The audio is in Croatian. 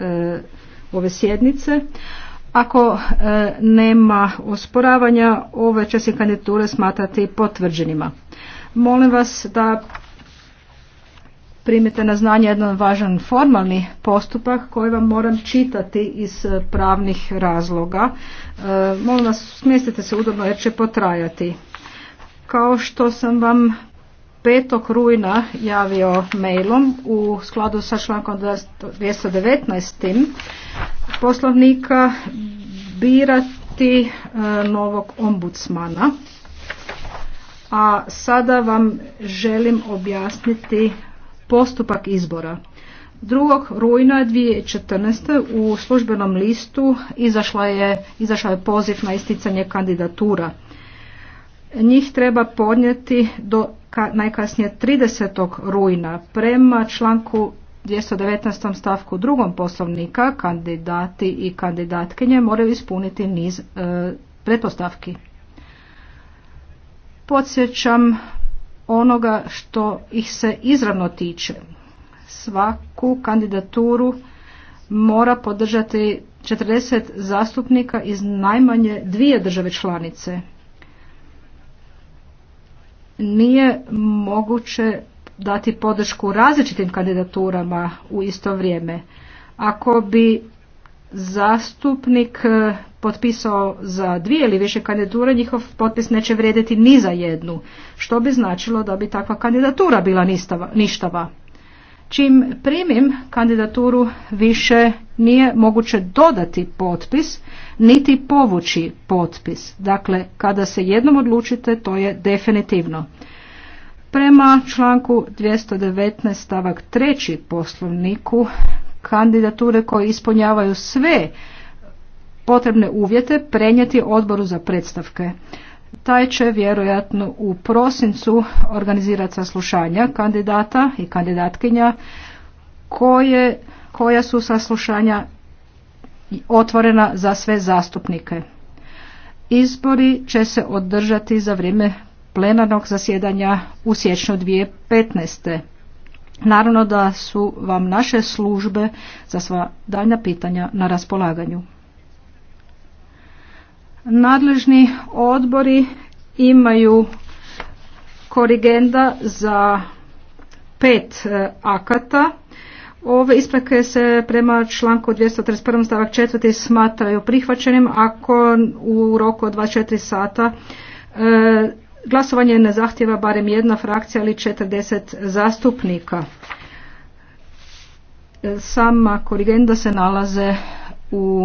E, ove sjednice. Ako e, nema osporavanja, ove će se kandidature smatrati potvrđenima. Molim vas da primite na znanje jedan važan formalni postupak koji vam moram čitati iz pravnih razloga. E, molim vas, smjestite se udobno jer će potrajati. Kao što sam vam 5. rujna javio mailom u skladu sa člankom 219. poslovnika birati e, novog ombudsmana. A sada vam želim objasniti postupak izbora. 2. rujna 2014. u službenom listu izašla je, izašla je poziv na isticanje kandidatura. Njih treba podnijeti do najkasnije 30. rujna. Prema članku 219. stavku drugom poslovnika kandidati i kandidatkinje moraju ispuniti niz e, pretpostavki. Podsjećam onoga što ih se izravno tiče. Svaku kandidaturu mora podržati 40 zastupnika iz najmanje dvije države članice nije moguće dati podršku različitim kandidaturama u isto vrijeme. Ako bi zastupnik e, potpisao za dvije ili više kandidature, njihov potpis neće vrijediti ni za jednu, što bi značilo da bi takva kandidatura bila ništava čim primim kandidaturu više nije moguće dodati potpis niti povući potpis. Dakle, kada se jednom odlučite, to je definitivno. Prema članku 219 stavak 3 poslovniku kandidature koje ispunjavaju sve potrebne uvjete prenijeti odboru za predstavke. Taj će vjerojatno u prosincu organizirati saslušanja kandidata i kandidatkinja koje, koja su saslušanja otvorena za sve zastupnike. Izbori će se održati za vrijeme plenarnog zasjedanja u siječnju 2015. Naravno da su vam naše službe za sva daljna pitanja na raspolaganju. Nadležni odbori imaju korigenda za pet e, akata. Ove ispreke se prema članku 231. stavak 4. smatraju prihvaćenim ako u roku od 24 sata e, glasovanje ne zahtjeva barem jedna frakcija ili 40 zastupnika. E, sama korigenda se nalaze u